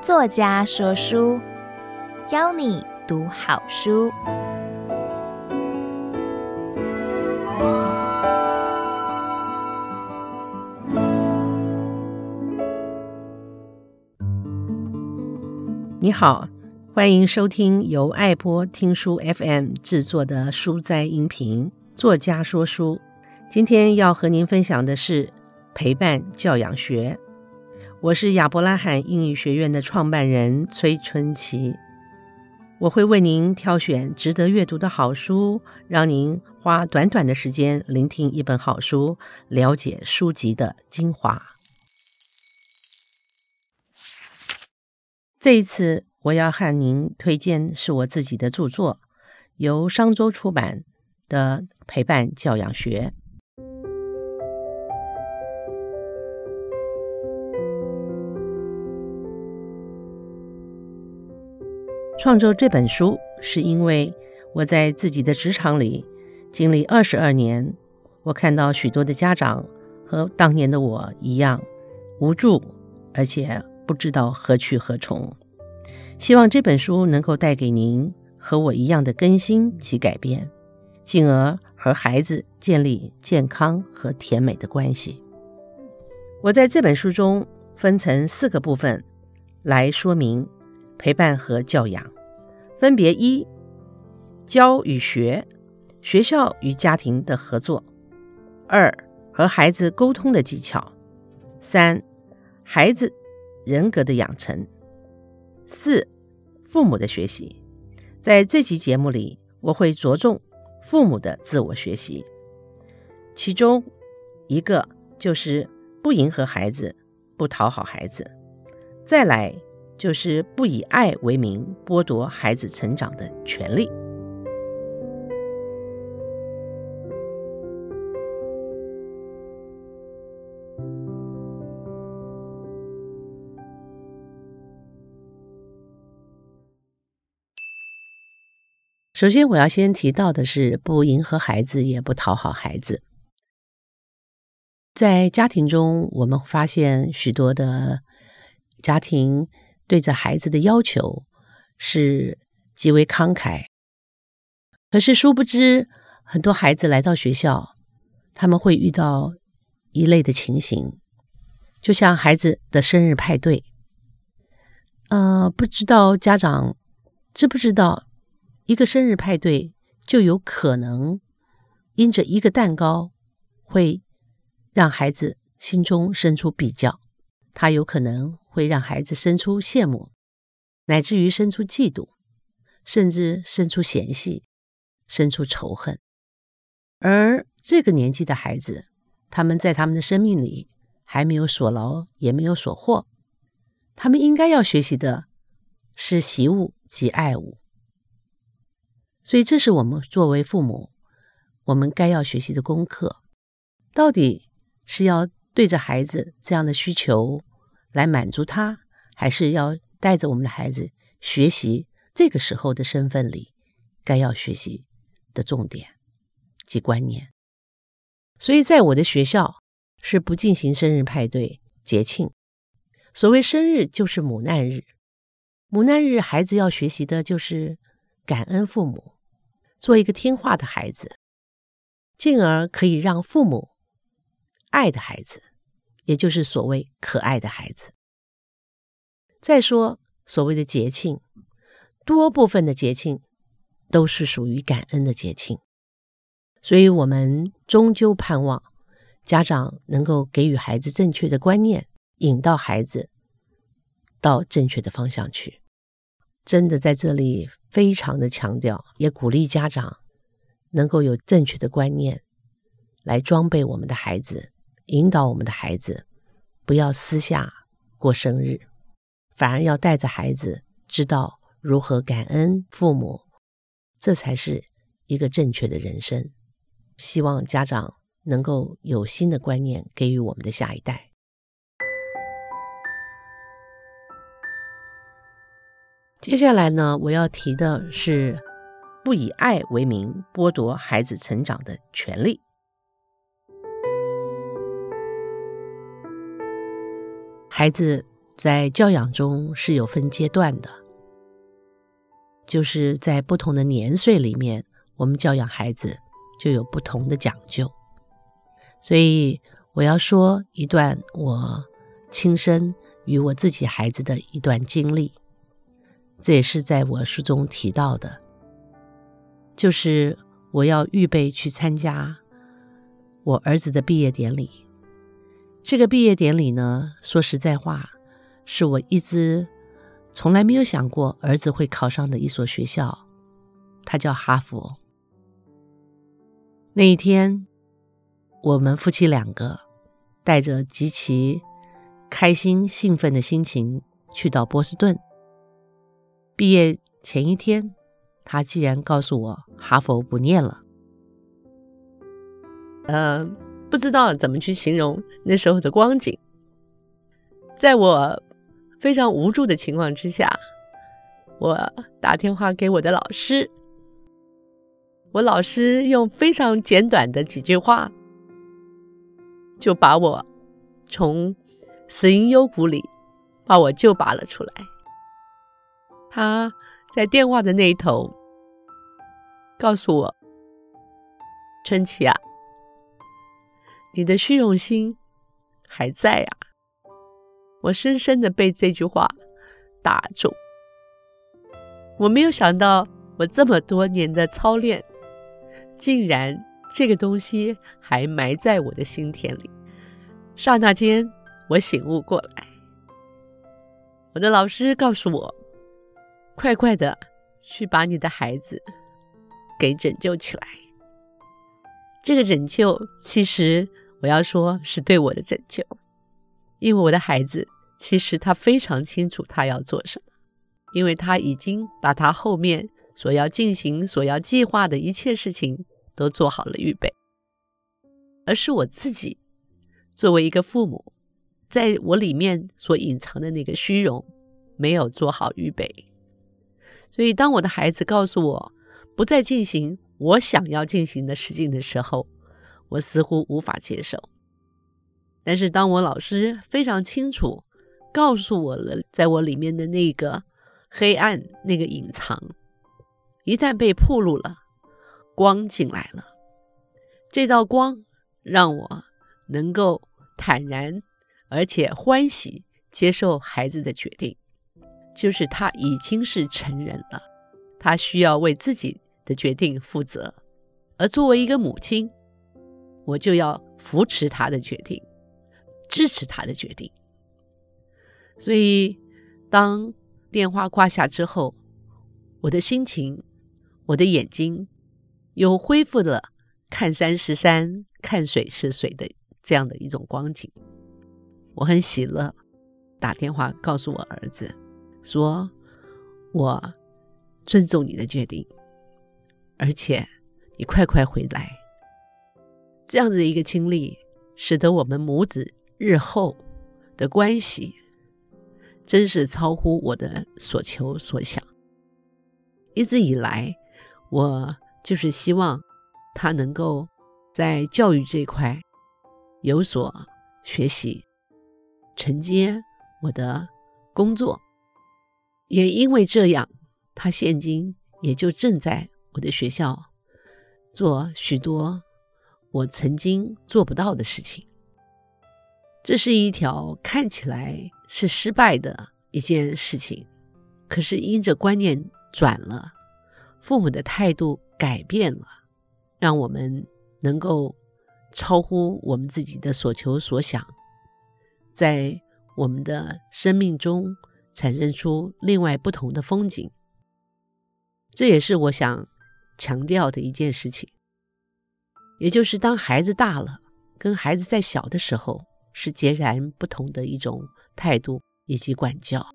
作家說書，邀你讀好書。你好，歡迎收聽由愛播聽書 FM 製作的書摘音頻《作家說書》。今天要和您分享的是《陪伴教養學》，我是亞伯拉罕英語學院的創辦人崔春奇。我會為您挑選值得閱讀的好書，讓您花短短的時間聆聽一本好書，了解書籍的精華。這一次我要向您推薦是我自己的著作，由商周出版的《陪伴教養學》。創作這本書是因為我在自己的職場裡經歷二十二年，我看到許多的家長和當年的我一樣無助，而且不知道何去何從。希望這本書能夠帶給您和我一樣的更新及改變，進而和孩子建立健康和甜美的關係。我在這本書中分成四個部分來說明陪伴和教養。分別一教與學，學校與家庭的合作；二和孩子溝通的技巧；三孩子人格的養成；四父母的學習。在這期節目裡，我會着重父母的自我學習，其中一個就是不迎合孩子，不討好孩子。再來，就是不以愛為名剝奪孩子成長的權利。首先，我要先提到的是，不迎合孩子，也不討好孩子。在家庭中，我們發現許多的家庭，對着孩子的要求是極為慷慨，可是殊不知，很多孩子來到學校，他們會遇到一類的情形，就像孩子的生日派對。呃，不知道家長知不知道，一個生日派對就有可能因着一個蛋糕，會讓孩子心中生出比較。他有可能會讓孩子生出羨慕，乃至於生出嫉妒，甚至生出嫌隙，生出仇恨。而這個年紀的孩子，他們在他們的生命裡還沒有所勞，也沒有所獲。他們應該要學習的是惜物及愛物。所以，這是我們作為父母，我們該要學習的功課。到底是要？對着孩子這樣的需求來滿足他，還是要帶着我們的孩子學習這個時候的身份裡該要學習的重點及觀念。所以在我的學校是不進行生日派對、節慶。所謂生日就是母難日，母難日孩子要學習的就是感恩父母，做一個聽話的孩子，進而可以讓父母愛的孩子。也就是所謂可愛的孩子。再說所謂的節慶，多部分的節慶都是屬於感恩的節慶，所以我們終究盼望家長能夠給予孩子正確的觀念，引導孩子到正確的方向去。真的在這裡非常的強調，也鼓勵家長能夠有正確的觀念來裝備我們的孩子，引導我們的孩子。不要私下過生日，反而要帶着孩子知道如何感恩父母，這才是一個正確的人生。希望家長能夠有新的觀念，給予我們的下一代。接下來呢，我要提的是，不以愛為名剝奪孩子成長的權利。孩子在教養中是有分階段的，就是在不同的年歲裡面，我們教養孩子就有不同的講究。所以我要說一段我親身與我自己孩子的一段經歷，這也是在我書中提到的，就是我要預備去參加我兒子的畢業典禮。這個畢業典禮呢，說實在話，是我一直從來沒有想過兒子會考上的一所學校，他叫哈佛。那一天，我們夫妻兩個帶着極其開心、興奮的心情去到波士頓。畢業前一天，他竟然告訴我哈佛不念了，嗯、uh。不知道怎麼去形容那時候的光景，在我非常無助的情況之下，我打電話給我的老師，我老師用非常簡短的幾句話，就把我從死蔭幽谷裡把我救拔了出來。他在電話的那一頭告訴我：“椿琦啊。”你的虛榮心還在啊！我深深的被這句話打中。我沒有想到，我這麼多年的操練，竟然這個東西還埋在我的心田裡。剎那間，我醒悟過來。我的老師告訴我：“快快的去把你的孩子給拯救起來。”這個拯救，其實。我要說，是對我的拯救，因為我的孩子其實他非常清楚他要做什麼，因為他已經把他後面所要進行、所要計劃的一切事情都做好了預備，而是我自己作為一個父母，在我裡面所隱藏的那個虛榮沒有做好預備，所以當我的孩子告訴我不再進行我想要進行的事情的時候。我似乎無法接受，但是當我老師非常清楚告訴我了，在我裡面的那個黑暗，那個隱藏，一旦被暴露了，光進來了，這道光讓我能夠坦然而且歡喜接受孩子的決定，就是他已經是成人了，他需要為自己的決定負責，而作為一個母親。我就要扶持他的決定，支持他的決定。所以，當電話掛下之後，我的心情，我的眼睛，又恢復了看山是山、看水是水的這樣的一種光景。我很喜樂，打電話告訴我兒子，說我尊重你的決定，而且你快快回來。這樣子的一個經歷，使得我們母子日後的關係，真是超乎我的所求所想。一直以來，我就是希望他能夠在教育這塊有所學習，承接我的工作。也因為這樣，他現今也就正在我的學校做許多。我曾經做不到的事情。這是一條看起來是失敗的一件事情，可是因着觀念轉了，父母的態度改變了，讓我們能夠超乎我們自己的所求所想，在我們的生命中產生出另外不同的風景。這也是我想強調的一件事情。也就是當孩子大了，跟孩子在小的時候，是截然不同的一種態度以及管教。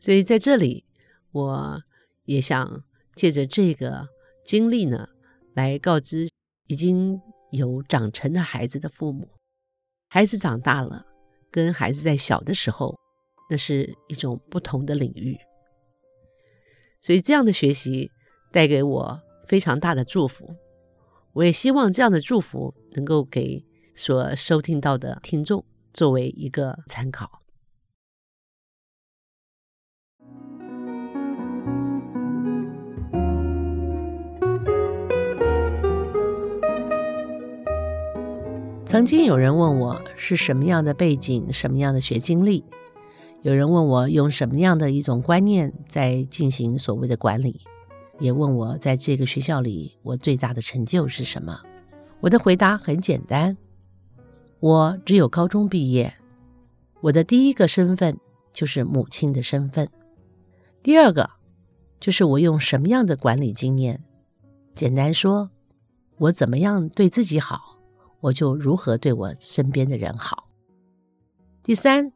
所以在這裡，我也想借着這個經歷呢，來告知已經有長成的孩子的父母，孩子長大了，跟孩子在小的時候，那是一種不同的領域。所以這樣的學習帶給我非常大的祝福。我也希望這樣的祝福能夠給所收聽到的聽眾作為一個參考。曾經有人問我是什麼樣的背景、什麼樣的學經歷？有人問我用什麼樣的一種觀念在進行所謂的管理。也問我在這個學校裡，我最大的成就是什麼？我的回答很簡單：我只有高中畢業。我的第一個身份就是母親的身份，第二個就是我用什麼樣的管理經驗。簡單說，我怎麼樣對自己好，我就如何對我身邊的人好。第三，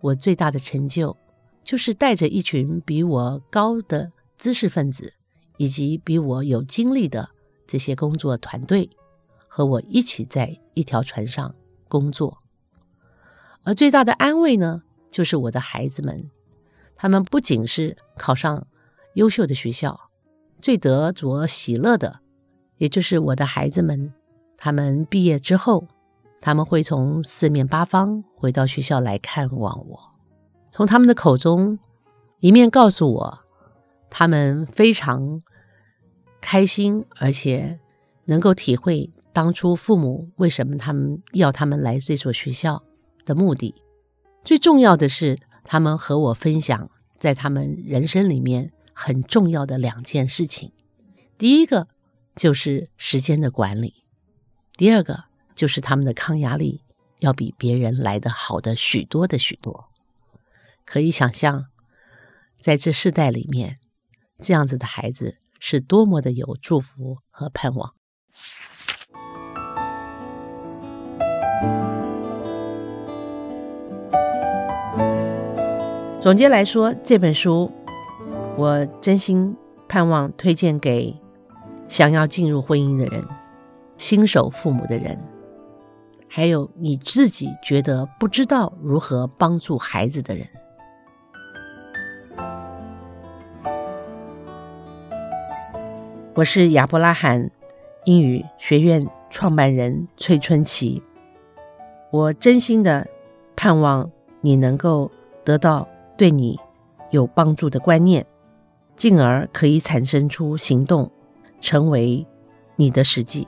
我最大的成就就是帶着一群比我高的知識分子。以及比我有精力的這些工作團隊，和我一起在一條船上工作。而最大的安慰呢，就是我的孩子們，他們不僅是考上優秀的學校，最得着喜樂的，也就是我的孩子們，他們畢業之後，他們會從四面八方回到學校來看望我，從他們的口中一面告訴我。他們非常開心，而且能夠體會當初父母為什麼他們要他們來這所學校的目的。最重要的是，他們和我分享在他們人生裡面很重要的兩件事情：第一個就是時間的管理，第二個就是他們的抗壓力要比別人來的好的許多的許多。可以想象，在這世代裡面。這樣子的孩子是多麼的有祝福和盼望。總結來說，這本書我真心盼望推薦給想要進入婚姻的人、新手父母的人，還有你自己覺得不知道如何幫助孩子的人。我是亞伯拉罕英語學院創辦人崔椿琦，我真心的盼望你能夠得到對你有幫助的觀念，進而可以產生出行動，成為你的實際。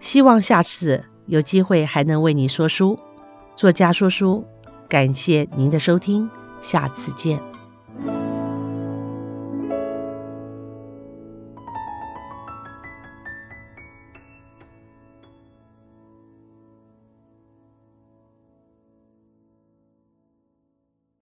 希望下次有機會還能為你說書，作家說書。感謝您的收聽，下次見。